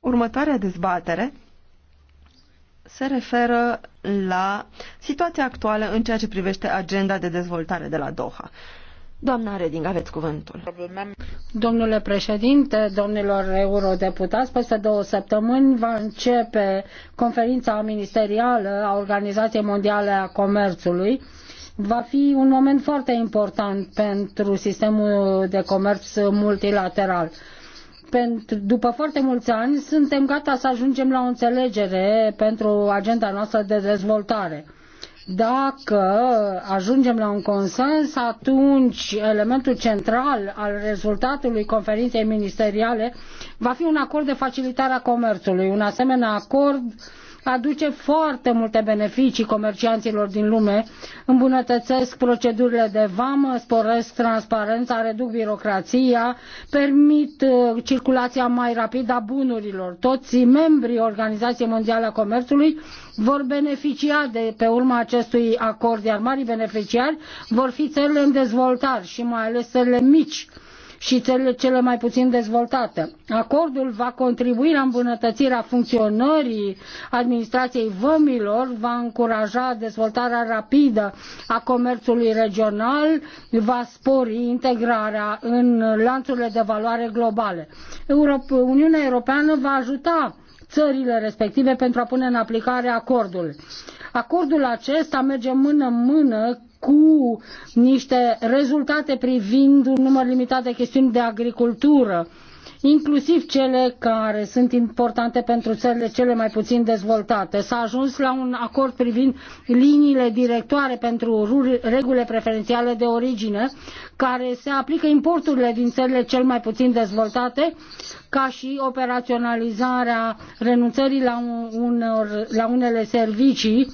Următoarea dezbatere se referă la situația actuală în ceea ce privește agenda de dezvoltare de la Doha. Doamna Reding, aveți cuvântul. Domnule președinte, domnilor eurodeputați, peste două săptămâni va începe conferința ministerială a Organizației Mondiale a Comerțului, va fi un moment foarte important pentru sistemul de comerț multilateral pentru, după foarte mulți ani, suntem gata să ajungem la o înțelegere pentru agenda noastră de dezvoltare. Dacă ajungem la un consens, atunci elementul central al rezultatului conferinței ministeriale va fi un acord de facilitare a comerțului. Un asemenea acord uh, aduce foarte multe beneficii comercianților din lume, îmbunătățesc procedurile de vamă, sporesc transparența, reduc birocrația, permit uh, circulația mai rapidă a bunurilor. Toți membrii Organizației Mondiale a Comerțului vor beneficia de pe urma acestui acord, iar marii beneficiari vor fi țările în dezvoltare și mai ales țările mici și țările cele mai puțin dezvoltate. Acordul va contribui la îmbunătățirea funcționării administrației vămilor, va încuraja dezvoltarea rapidă a comerțului regional, va spori integrarea în lanțurile de valoare globale. Uniunea Europeană va ajuta țările respective pentru a pune în aplicare acordul. Acordul acesta merge mână în mână cu niște rezultate privind un număr limitat de chestiuni de agricultură inclusiv cele care sunt importante pentru țările cele mai puțin dezvoltate. S-a ajuns la un acord privind liniile directoare pentru regulile preferențiale de origine, care se aplică importurile din țările cel mai puțin dezvoltate, ca și operaționalizarea renunțării la, un, la unele servicii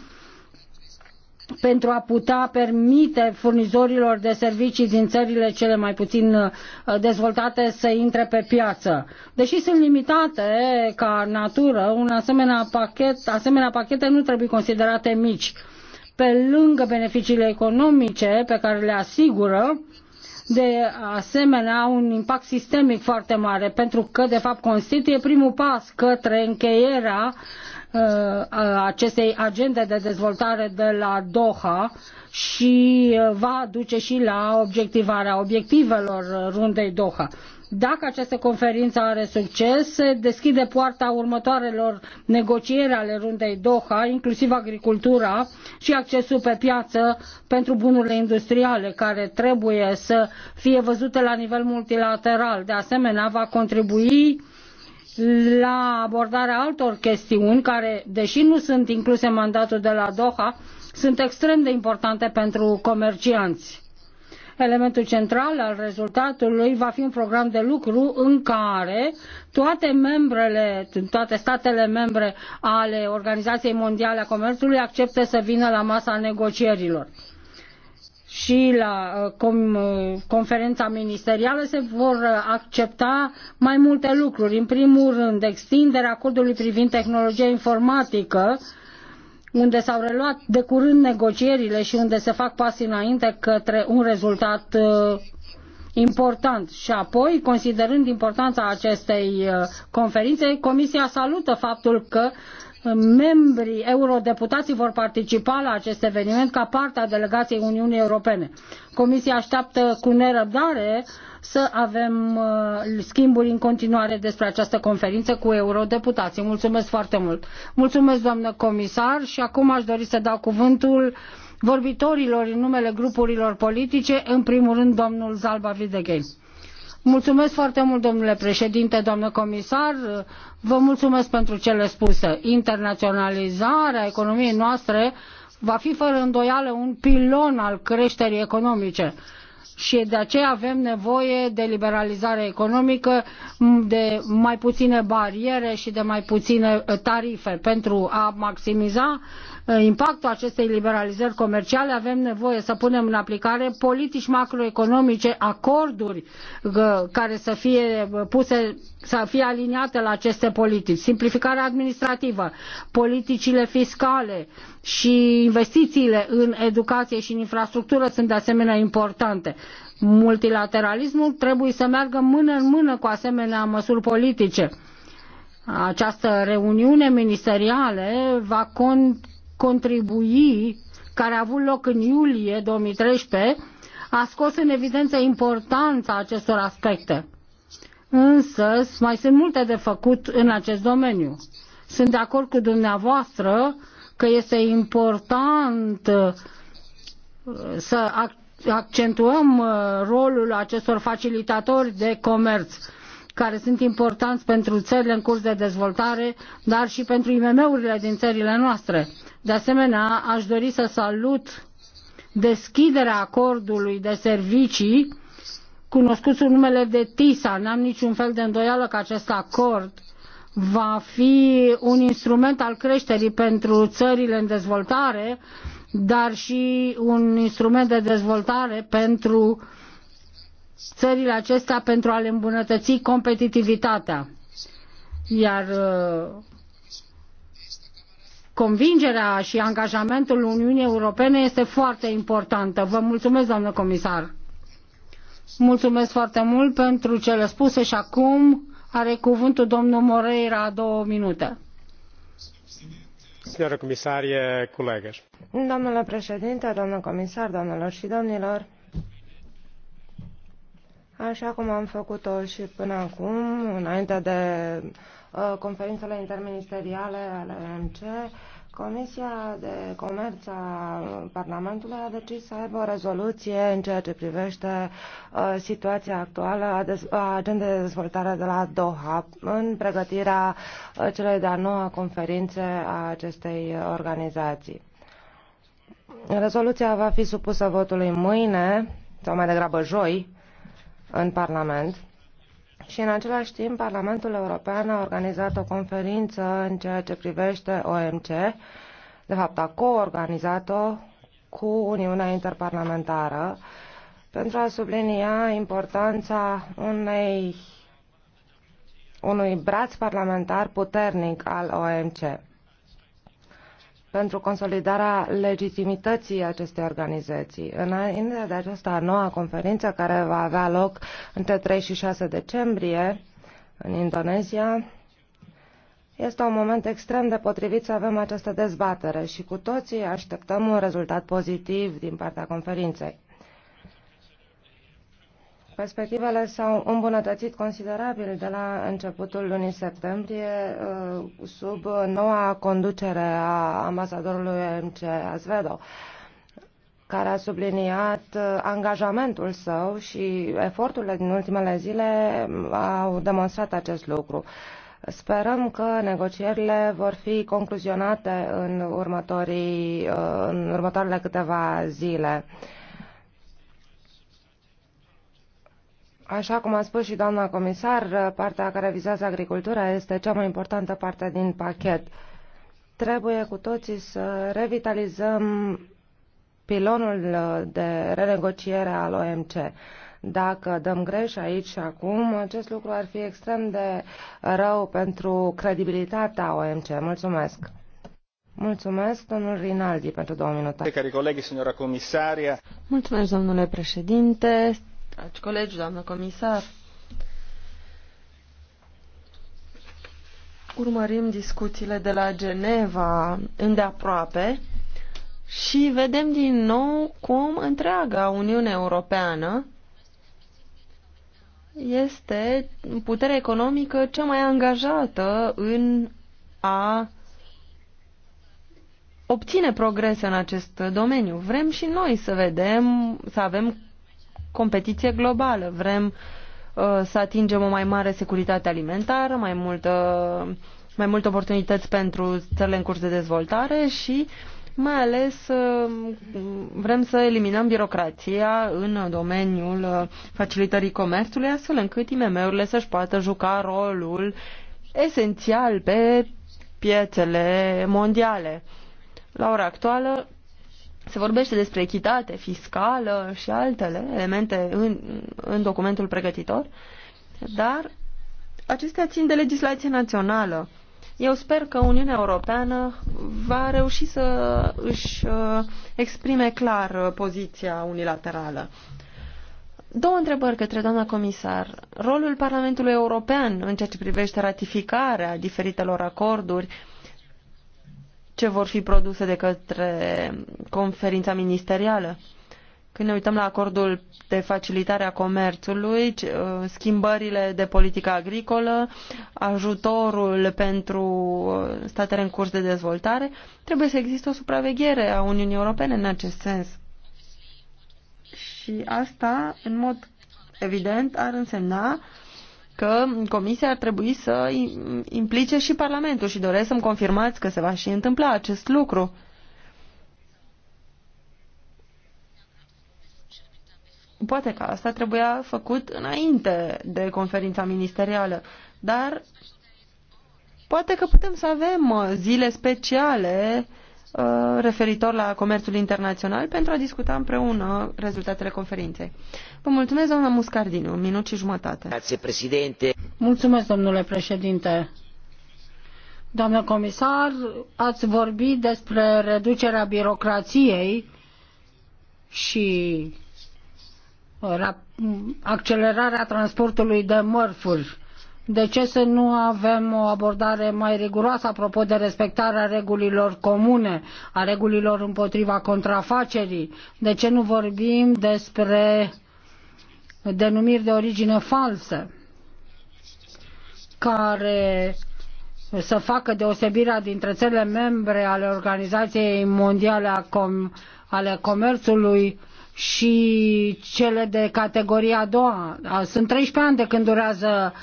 pentru a putea permite furnizorilor de servicii din țările cele mai puțin uh, dezvoltate să intre pe piață. Deși sunt limitate ca natură, un asemenea pachet, asemenea pachete nu trebuie considerate mici. Pe lângă beneficiile economice pe care le asigură, de asemenea un impact sistemic foarte mare, pentru că, de fapt, constituie primul pas către încheierea Uh, acestei agende de dezvoltare de la Doha și uh, va duce și la obiectivarea obiectivelor rundei Doha. Dacă această conferință are succes, se deschide poarta următoarelor negocieri ale rundei Doha, inclusiv agricultura și accesul pe piață pentru bunurile industriale, care trebuie să fie văzute la nivel multilateral. De asemenea, va contribui uh, la abordarea altor chestiuni care, deși nu sunt incluse în mandatul de la Doha, sunt extrem de importante pentru comercianți. Elementul central al rezultatului va fi un program de lucru în care toate membrele, toate statele membre ale Organizației Mondiale a Comerțului acceptă să vină la masa negocierilor și la uh, uh, conferința ministerială se vor uh, accepta mai multe lucruri. În primul rând, extinderea acordului privind tehnologia informatică, unde s-au reluat de curând negocierile și unde se fac pași înainte către un rezultat important. Și apoi, considerând importanța acestei conferințe, Comisia salută faptul că membrii eurodeputații vor participa la acest eveniment ca parte a delegației Uniunii Europene. Comisia așteaptă cu nerăbdare să avem uh, schimburi în continuare despre această conferință cu eurodeputații. Mulțumesc foarte mult! Mulțumesc, doamnă comisar, și acum aș dori să dau cuvântul vorbitorilor în numele grupurilor politice, în primul rând domnul Zalba Videghei. Mulțumesc foarte mult, domnule președinte, doamnă comisar. Vă mulțumesc pentru cele spuse. Internaționalizarea economiei noastre va fi fără îndoială un pilon al creșterii economice și de aceea avem nevoie de liberalizare economică, de mai puține bariere și de mai puține uh, tarife. Pentru a maximiza uh, impactul acestei liberalizări comerciale avem nevoie să punem în aplicare politici macroeconomice, acorduri uh, care să fie puse, să fie aliniate la aceste politici, simplificarea administrativă, politicile fiscale și investițiile în educație și în infrastructură sunt de asemenea importante departe. Multilateralismul trebuie să meargă mână în mână cu asemenea măsuri politice. Această reuniune ministerială va con- contribui, care a avut loc în iulie 2013, a scos în evidență importanța acestor aspecte. Însă mai sunt multe de făcut în acest domeniu. Sunt de acord cu dumneavoastră că este important uh, să accentuăm uh, rolul acestor facilitatori de comerț care sunt importanți pentru țările în curs de dezvoltare, dar și pentru IMM-urile din țările noastre. De asemenea, aș dori să salut deschiderea acordului de servicii cunoscut sub numele de TISA. N-am niciun fel de îndoială că acest acord va fi un instrument al creșterii pentru țările în dezvoltare dar și un instrument de dezvoltare pentru țările acestea pentru a le îmbunătăți competitivitatea. Iar uh, convingerea și angajamentul Uniunii Europene este foarte importantă. Vă mulțumesc, doamnă comisar. Mulțumesc foarte mult pentru cele spuse și acum are cuvântul domnul Moreira două minute. Comisarie, domnule președinte domnule comisar doamnelor și domnilor așa cum am făcut o și până acum înainte de uh, conferințele interministeriale ale omc Comisia de Comerț a Parlamentului a decis să aibă o rezoluție în ceea ce privește uh, situația actuală a, a agendei de dezvoltare de la Doha în pregătirea uh, celei de-a noua conferințe a acestei organizații. Rezoluția va fi supusă votului mâine, sau mai degrabă joi, în Parlament și în același timp, Parlamentul European a organizat o conferință în ceea ce privește OMC, de fapt a coorganizat-o cu Uniunea Interparlamentară, pentru a sublinia importanța unei, unui braț parlamentar puternic al OMC pentru consolidarea legitimității acestei organizații. Înainte de această noua conferință care va avea loc între 3 și 6 decembrie în Indonezia, este un moment extrem de potrivit să avem această dezbatere și cu toții așteptăm un rezultat pozitiv din partea conferinței. Perspectivele s-au îmbunătățit considerabil de la începutul lunii septembrie uh, sub noua conducere a ambasadorului MC Azvedo care a subliniat uh, angajamentul său și eforturile din ultimele zile au demonstrat acest lucru. Sperăm că negocierile vor fi concluzionate în, următorii, uh, în următoarele câteva zile. Așa cum a spus și doamna comisar, partea care vizează agricultura este cea mai importantă parte din pachet. Trebuie cu toții să revitalizăm pilonul de renegociere al OMC. Dacă dăm greș aici și acum, acest lucru ar fi extrem de rău pentru credibilitatea OMC. Mulțumesc! Mulțumesc, domnul Rinaldi, pentru două minute. colegi, Mulțumesc, domnule președinte, dragi colegi, doamnă comisar, urmărim discuțiile de la Geneva îndeaproape și vedem din nou cum întreaga Uniune Europeană este puterea economică cea mai angajată în a obține progrese în acest domeniu. Vrem și noi să vedem, să avem competiție globală. Vrem uh, să atingem o mai mare securitate alimentară, mai multă mai multe oportunități pentru țările în curs de dezvoltare și mai ales uh, vrem să eliminăm birocrația în domeniul uh, facilitării comerțului, astfel încât IMM-urile să-și poată juca rolul esențial pe piețele mondiale. La ora actuală, se vorbește despre echitate fiscală și altele elemente în, în documentul pregătitor, dar acestea țin de legislație națională. Eu sper că Uniunea Europeană va reuși să își uh, exprime clar uh, poziția unilaterală. Două întrebări către doamna comisar. Rolul Parlamentului European în ceea ce privește ratificarea diferitelor acorduri uh, ce vor fi produse de către conferința ministerială. Când ne uităm la acordul de facilitare a comerțului, uh, schimbările de politică agricolă, ajutorul pentru uh, statele în curs de dezvoltare, trebuie să existe o supraveghere a Uniunii Europene în acest sens. Și asta, în mod evident, ar însemna că Comisia ar trebui să implice și Parlamentul și doresc să-mi confirmați că se va și întâmpla acest lucru. Poate că asta trebuia făcut înainte de conferința ministerială, dar poate că putem să avem uh, zile speciale uh, Uh, referitor la comerțul internațional pentru a discuta împreună rezultatele conferinței. Vă mulțumesc, doamna Muscardinu, un minut și jumătate. Mulțumesc, domnule președinte. Doamnă comisar, ați vorbit despre reducerea birocrației și uh, accelerarea transportului de mărfuri de ce să nu avem o abordare mai riguroasă apropo de respectarea regulilor comune, a regulilor împotriva contrafacerii? De ce nu vorbim despre denumiri de origine falsă care să facă deosebirea dintre țările membre ale Organizației Mondiale a Com ale Comerțului și cele de categoria a doua. Sunt 13 ani de când durează uh,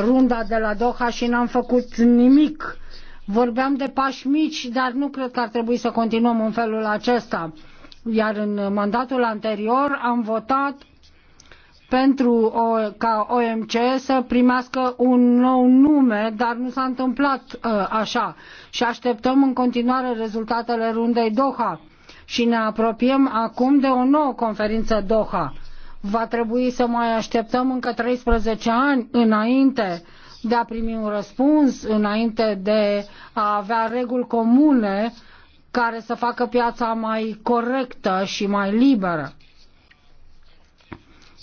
runda de la Doha și n-am făcut nimic. Vorbeam de pași mici, dar nu cred că ar trebui să continuăm în felul acesta. Iar în mandatul anterior am votat pentru o, ca OMC să primească un nou nume, dar nu s-a întâmplat uh, așa. Și așteptăm în continuare rezultatele rundei Doha. Și ne apropiem acum de o nouă conferință Doha va trebui să mai așteptăm încă 13 ani înainte de a primi un răspuns, înainte de a avea reguli comune care să facă piața mai corectă și mai liberă,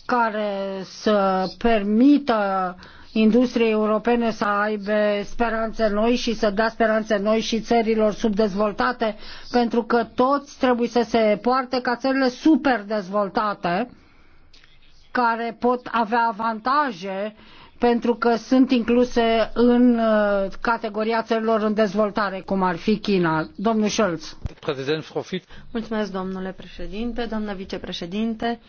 care să permită industriei europene să aibă speranțe noi și să dea speranțe noi și țărilor subdezvoltate, pentru că toți trebuie să se poarte ca țările super dezvoltate care pot avea avantaje pentru că sunt incluse în uh, categoria țărilor în dezvoltare, cum ar fi China. Domnul Scholz. Mulțumesc, domnule președinte, doamnă vicepreședinte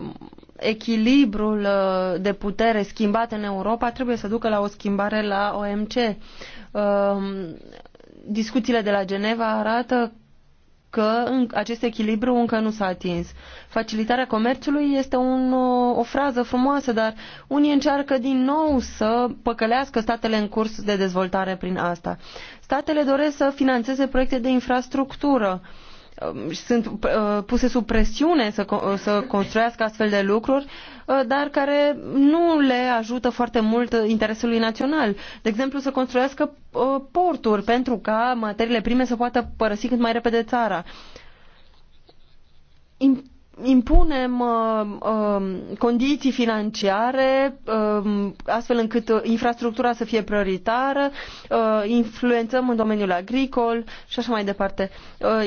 um, echilibrul uh, de putere schimbat în Europa trebuie să ducă la o schimbare la OMC. Um, discuțiile de la Geneva arată că acest echilibru încă nu s-a atins. Facilitarea comerțului este un, o frază frumoasă, dar unii încearcă din nou să păcălească statele în curs de dezvoltare prin asta. Statele doresc să financeze proiecte de infrastructură. Uh, Ehm, sunt ehm, puse sub presiune să, să construiască astfel de lucruri, ehm, dar care nu le ajută foarte mult interesului național. De exemplu, să construiască porturi pentru ca materiile prime să poată părăsi cât mai repede țara impunem uh, um, condiții financiare um, astfel încât uh, infrastructura să fie prioritară, uh, influențăm în domeniul agricol și așa mai departe.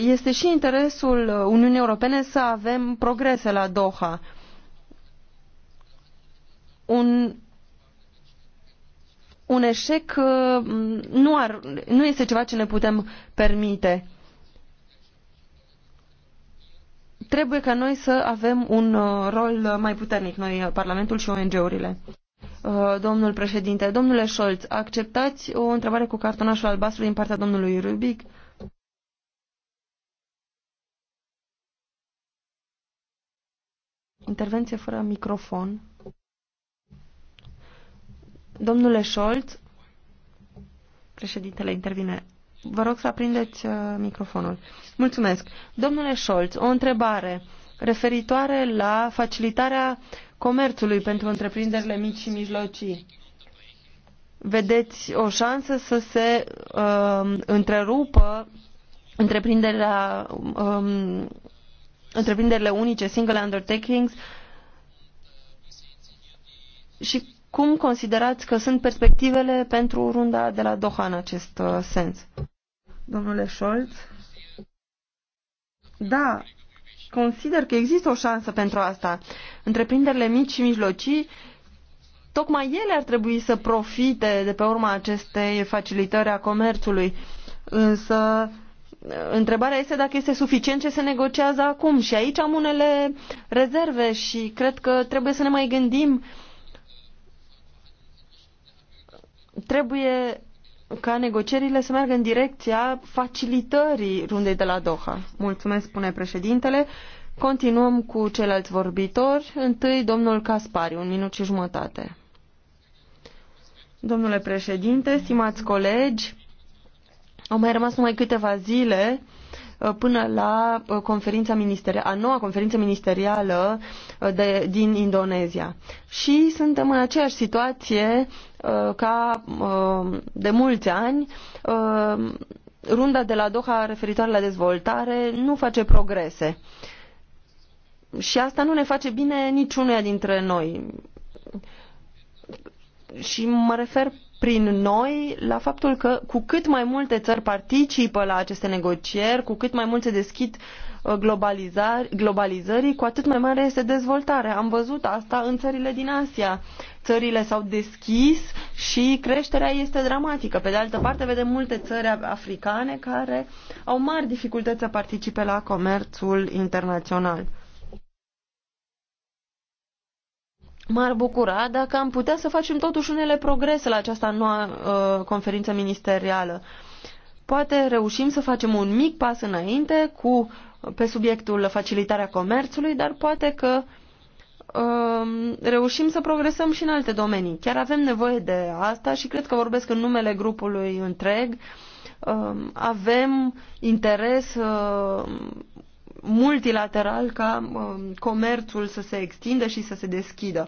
Este și interesul Uniunii Europene să avem progrese la Doha. Un un eșec nu, ar, nu este ceva ce ne putem permite trebuie ca noi să avem un uh, rol mai puternic, noi, uh, Parlamentul și ONG-urile. Uh, domnul președinte, domnule Scholz, acceptați o întrebare cu cartonașul albastru din partea domnului Rubic? Intervenție fără microfon. Domnule Scholz, președintele intervine. Vă rog să aprindeți uh, microfonul. Mulțumesc. Domnule Scholz, o întrebare referitoare la facilitarea comerțului pentru întreprinderile mici și mijlocii. Vedeți o șansă să se uh, întrerupă întreprinderea, uh, întreprinderile unice, single undertakings și cum considerați că sunt perspectivele pentru runda de la Doha în acest uh, sens? Domnule Scholz, da, consider că există o șansă pentru asta. Întreprinderile mici și mijlocii, tocmai ele ar trebui să profite de pe urma acestei facilitări a comerțului. Însă, întrebarea este dacă este suficient ce se negociază acum. Și aici am unele rezerve și cred că trebuie să ne mai gândim. Trebuie ca negocierile să meargă în direcția facilitării rundei de la Doha. Mulțumesc, spune președintele. Continuăm cu ceilalți vorbitori. Întâi, domnul Caspari, un minut și jumătate. Domnule președinte, stimați colegi, au mai rămas numai câteva zile Uh, până la uh, conferința ministerială, a noua conferință ministerială uh, de, din Indonezia. Și suntem în aceeași situație ca de mulți ani. Runda de la Doha referitoare la dezvoltare nu face progrese. Și asta nu ne face bine niciunea dintre noi. Și mă refer prin noi la faptul că cu cât mai multe țări participă la aceste negocieri, cu cât mai mult se deschid uh, globalizării, cu atât mai mare este dezvoltarea. Am văzut asta în țările din Asia. Țările s-au deschis și creșterea este dramatică. Pe de altă parte, vedem multe țări africane care au mari dificultăți să participe la comerțul internațional. M-ar bucura dacă am putea să facem totuși unele progrese la această noua uh, conferință ministerială. Poate reușim să facem un mic pas înainte cu, pe subiectul facilitarea comerțului, dar poate că uh, reușim să progresăm și în alte domenii. Chiar avem nevoie de asta și cred că vorbesc în numele grupului întreg. Uh, avem interes uh, multilateral ca um, comerțul să se extindă și să se deschidă.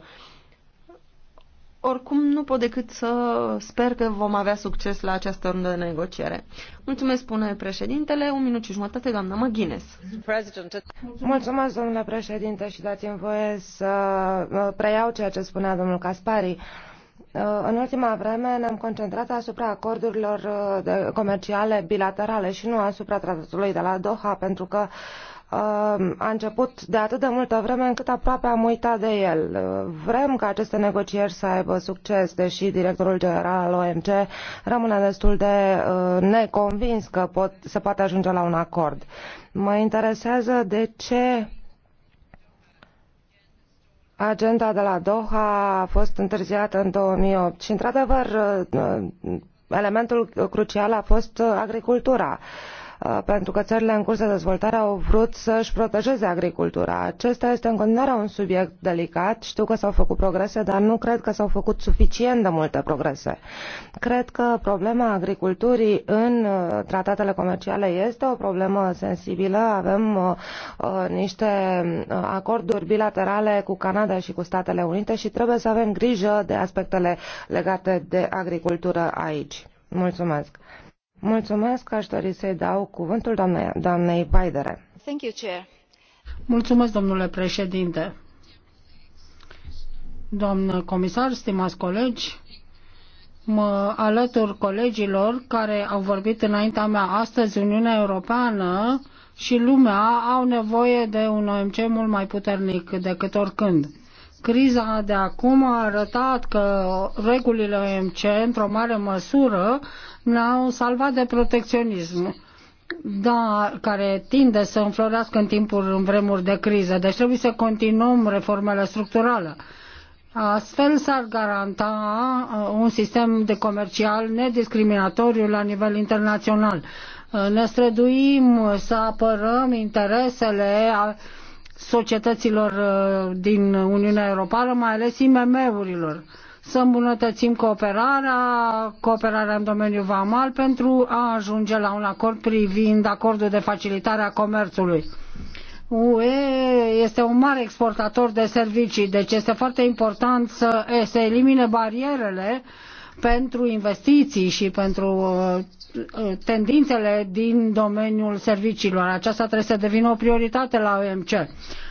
Oricum, nu pot decât să sper că vom avea succes la această rundă de negociere. Mulțumesc, spune președintele. Un minut și jumătate, doamna McGuinness. Mulțumesc, domnule președinte, și dați-mi voie să uh, preiau ceea ce spunea domnul Caspari. Uh, în ultima vreme ne-am concentrat asupra acordurilor uh, comerciale bilaterale și nu asupra tratatului de la Doha, pentru că uh, a început de atât de multă vreme încât aproape am uitat de el. Vrem ca aceste negocieri să aibă succes, deși directorul general al OMC rămâne destul de uh, neconvins că pot, se poate ajunge la un acord. Mă interesează de ce agenda de la Doha a fost întârziată în 2008 și, într-adevăr, uh, uh, elementul crucial a fost agricultura. Uh, Uh, pentru că țările în curs de dezvoltare au vrut să îi protejeze agricultura. Acesta este în continuare un subiect delicat. Știu că s-au făcut progrese, dar nu cred că s-au făcut suficient de multe progrese. Cred că problema agriculturii în uh, tratatele comerciale este o problemă sensibilă. Avem uh, uh niște acorduri bilaterale cu Canada și cu Statele Unite și trebuie să avem grijă de aspectele legate de agricultură aici. Mulțumesc. Mulțumesc, aș dori să-i dau cuvântul doamnei, doamnei Baidere. Thank you, Chair. Mulțumesc, domnule președinte. Doamnă comisar, stimați colegi, mă alătur colegilor care au vorbit înaintea mea astăzi, Uniunea Europeană și lumea au nevoie de un OMC mult mai puternic decât oricând. Criza de acum a arătat că regulile OMC, într-o mare măsură, ne-au salvat de protecționism da, care tinde să înflorească în timpul în vremuri de criză. Deci trebuie să continuăm reformele structurale. Astfel s-ar garanta uh, un sistem de comercial nediscriminatoriu la nivel internațional. Uh, ne străduim să apărăm interesele a societăților uh, din Uniunea Europeană, mai ales IMM-urilor să îmbunătățim cooperarea, cooperarea în domeniul vamal pentru a ajunge la un acord privind acordul de facilitare a comerțului. UE este un mare exportator de servicii, deci este foarte important să se elimine barierele pentru investiții și pentru uh, tendințele din domeniul serviciilor. Aceasta trebuie să devină o prioritate la OMC.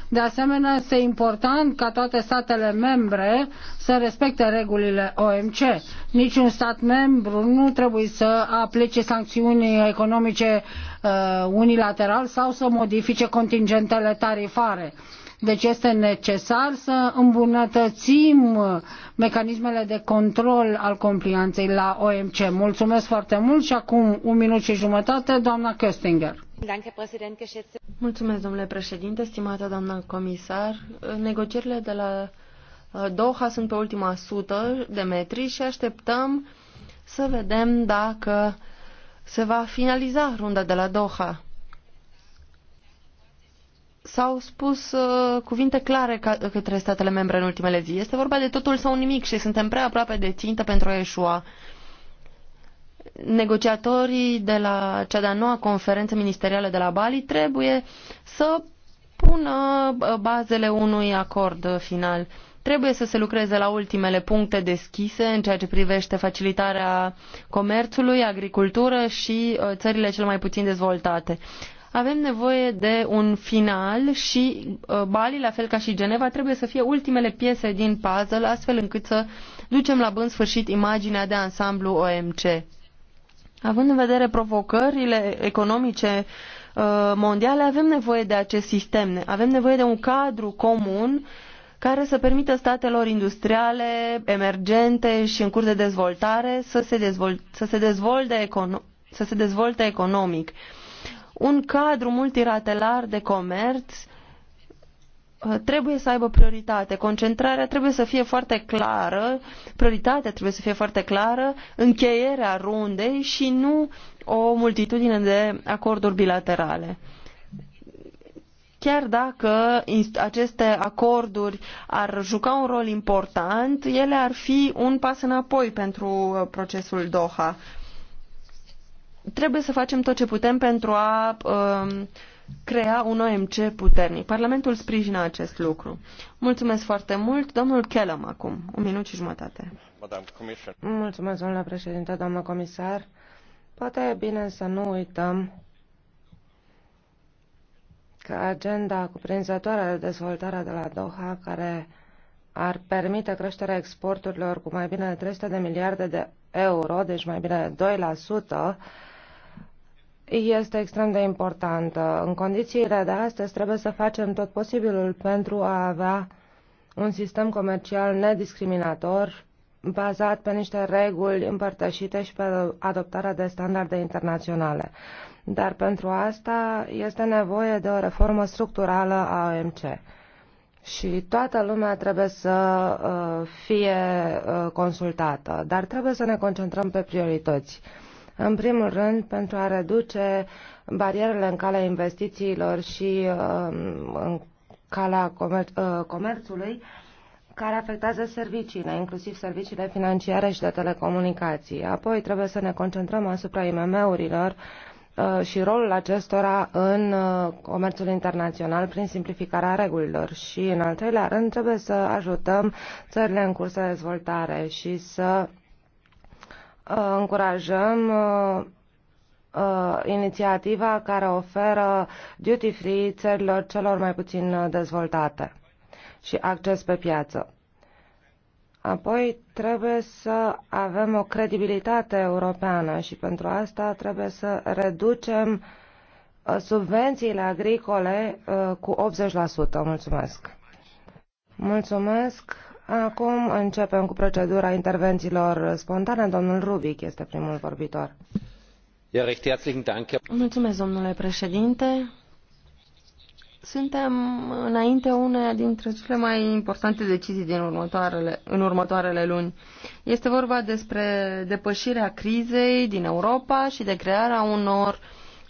De asemenea, este important ca toate statele membre să respecte regulile OMC. Niciun stat membru nu trebuie să aplice sancțiuni economice uh, unilateral sau să modifice contingentele tarifare. Deci este necesar să îmbunătățim mecanismele de control al complianței la OMC. Mulțumesc foarte mult și acum un minut și jumătate, doamna Köstinger. Mulțumesc, domnule președinte, stimată doamnă comisar. Negocierile de la uh, Doha sunt pe ultima sută de metri și așteptăm să vedem dacă se va finaliza runda de la Doha. S-au spus uh, cuvinte clare ca, către statele membre în ultimele zile. Este vorba de totul sau nimic și suntem prea aproape de țintă pentru a eșua negociatorii de la cea de-a noua conferință ministerială de la Bali trebuie să pună uh, bazele unui acord final. Trebuie să se lucreze la ultimele puncte deschise în ceea ce privește facilitarea comerțului, agricultură și uh, țările cel mai puțin dezvoltate. Avem nevoie de un final și uh, Bali, la fel ca și Geneva, trebuie să fie ultimele piese din puzzle, astfel încât să ducem la bun sfârșit imaginea de ansamblu OMC. Având în vedere provocările economice uh, mondiale, avem nevoie de acest sistem. Avem nevoie de un cadru comun care să permită statelor industriale, emergente și în curs de dezvoltare să se, dezvol- să se, dezvolte, econo- să se dezvolte economic. Un cadru multilateral de comerț Uh, trebuie să aibă prioritate. Concentrarea trebuie să fie foarte clară, prioritatea trebuie să fie foarte clară, încheierea rundei și nu o multitudine de acorduri bilaterale. Chiar dacă aceste acorduri ar juca un rol important, ele ar fi un pas înapoi pentru uh, procesul Doha. Trebuie să facem tot ce putem pentru a uh, crea un OMC puternic. Parlamentul sprijină acest lucru. Mulțumesc foarte mult. Domnul Kellam acum, un minut și jumătate. Mulțumesc, domnule președinte, doamnă comisar. Poate e bine să nu uităm că agenda cuprinzătoare de dezvoltare de la Doha, care ar permite creșterea exporturilor cu mai bine de 300 de miliarde de euro, deci mai bine de 2%, este extrem de importantă. În condițiile de astăzi trebuie să facem tot posibilul pentru a avea un sistem comercial nediscriminator bazat pe niște reguli împărtășite și pe adoptarea de standarde internaționale. Dar pentru asta este nevoie de o reformă structurală a OMC. Și toată lumea trebuie să uh, fie uh, consultată, dar trebuie să ne concentrăm pe priorități. În primul rând, pentru a reduce barierele în calea investițiilor și um, în calea comer- uh, comerțului, care afectează serviciile, inclusiv serviciile financiare și de telecomunicații. Apoi trebuie să ne concentrăm asupra IMM-urilor uh, și rolul acestora în uh, comerțul internațional prin simplificarea regulilor și, în al treilea rând, trebuie să ajutăm țările în curs de dezvoltare și să Uh, încurajăm uh, uh, inițiativa care oferă duty free țărilor celor mai puțin dezvoltate și acces pe piață. Apoi trebuie să avem o credibilitate europeană și pentru asta trebuie să reducem subvențiile agricole cu 80%. Mulțumesc! Mulțumesc! Acum începem cu procedura intervențiilor spontane. Domnul Rubic este primul vorbitor. Mulțumesc, domnule președinte. Suntem înainte uneia dintre cele mai importante decizii din următoarele, în următoarele luni. Este vorba despre depășirea crizei din Europa și de crearea unor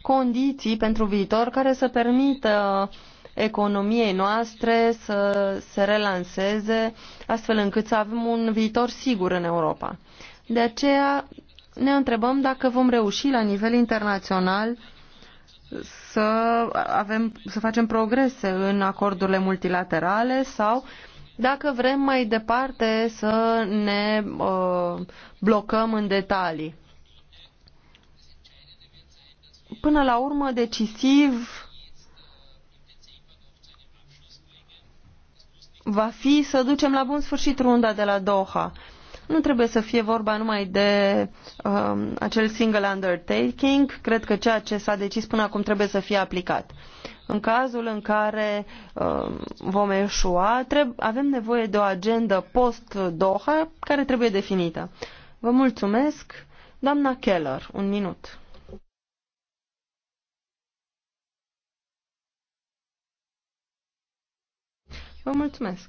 condiții pentru viitor care să permită uh, economiei noastre să se relanseze, astfel încât să avem un viitor sigur în Europa. De aceea ne întrebăm dacă vom reuși la nivel internațional să, avem, să facem progrese în acordurile multilaterale sau dacă vrem mai departe să ne uh, blocăm în detalii. Până la urmă, decisiv va fi să ducem la bun sfârșit runda de la Doha. Nu trebuie să fie vorba numai de um, acel single undertaking, cred că ceea ce s-a decis până acum trebuie să fie aplicat. În cazul în care um, vom eșua, avem nevoie de o agendă post-Doha care trebuie definită. Vă mulțumesc, doamna Keller, un minut. Vă mulțumesc!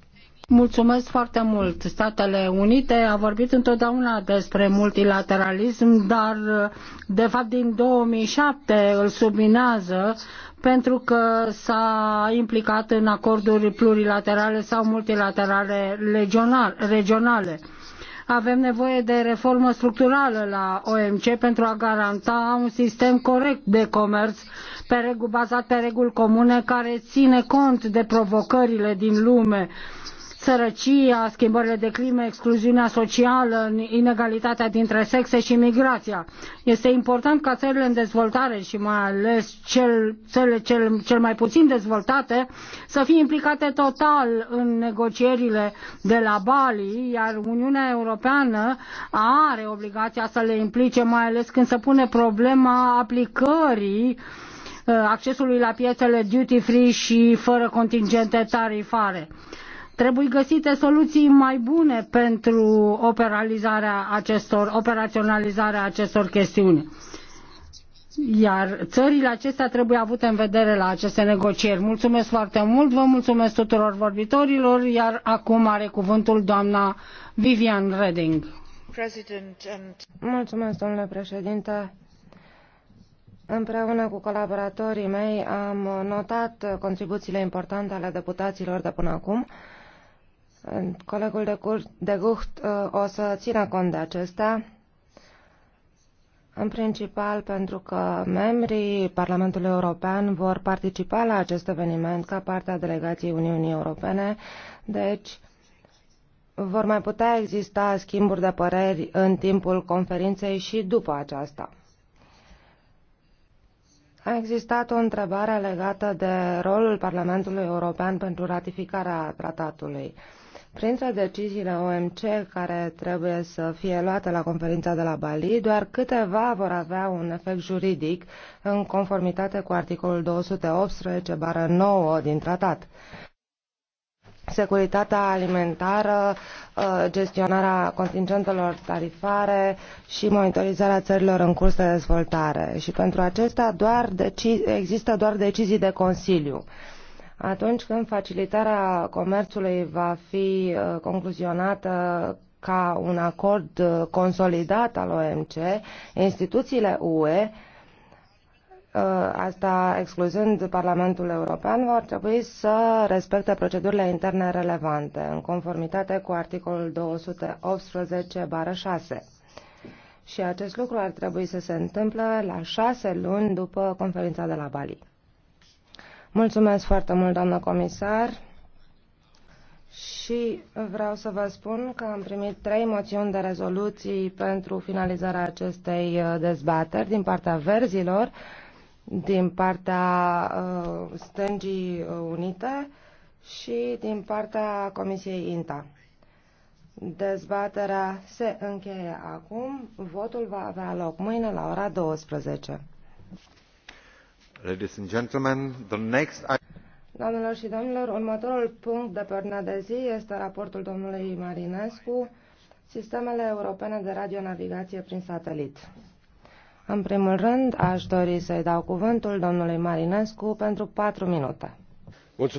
Mulțumesc foarte mult. Statele Unite a vorbit întotdeauna despre multilateralism, dar de fapt din 2007 îl subminează pentru că s-a implicat în acorduri plurilaterale sau multilaterale regionale. Avem nevoie de reformă structurală la OMC pentru a garanta un sistem corect de comerț pe regul, bazat pe reguli comune care ține cont de provocările din lume sărăcia, schimbările de climă, excluziunea socială, inegalitatea dintre sexe și migrația. Este important ca țările în dezvoltare și mai ales cel, țările cel, cel mai puțin dezvoltate să fie implicate total în negocierile de la Bali, iar Uniunea Europeană are obligația să le implice, mai ales când se pune problema aplicării uh, Uh, accesului la piețele duty free și fără contingente tarifare. Trebuie găsite soluții mai bune pentru operalizarea acestor, operaționalizarea acestor chestiuni. Iar țările acestea trebuie avute în vedere la aceste negocieri. Mulțumesc foarte mult, vă mulțumesc tuturor vorbitorilor, iar acum are cuvântul doamna Vivian Reding. Mulțumesc, domnule președinte Împreună cu colaboratorii mei am notat contribuțiile importante ale deputaților de până acum. Colegul de, de Gucht uh, o să țină cont de acestea, în principal pentru că membrii Parlamentului European vor participa la acest eveniment ca parte a delegației Uniunii Europene, deci vor mai putea exista schimburi de păreri în timpul conferinței și după aceasta. A existat o întrebare legată de rolul Parlamentului European pentru ratificarea tratatului. Printre deciziile OMC care trebuie să fie luate la conferința de la Bali, doar câteva vor avea un efect juridic în conformitate cu articolul 218-9 din tratat securitatea alimentară, uh, gestionarea contingentelor tarifare și monitorizarea țărilor în curs de dezvoltare. Și pentru acestea doar deci- există doar decizii de Consiliu. Atunci când facilitarea comerțului va fi uh, concluzionată ca un acord uh, consolidat al OMC, instituțiile UE Uh, asta excluzând Parlamentul European, vor trebui să respecte procedurile interne relevante, în conformitate cu articolul 218-6. Și acest lucru ar trebui să se întâmple la șase luni după conferința de la Bali. Mulțumesc foarte mult, doamnă comisar. Și vreau să vă spun că am primit trei moțiuni de rezoluții pentru finalizarea acestei uh, dezbateri din partea verzilor din partea uh, Stângii Unite și din partea Comisiei INTA. Dezbaterea se încheie acum. Votul va avea loc mâine la ora 12. Ladies and gentlemen, the next... Doamnelor și domnilor, următorul punct de pe de zi este raportul domnului Marinescu, Sistemele europene de radionavigație prin satelit. În primul rând, aș dori să-i dau cuvântul domnului Marinescu pentru patru minute.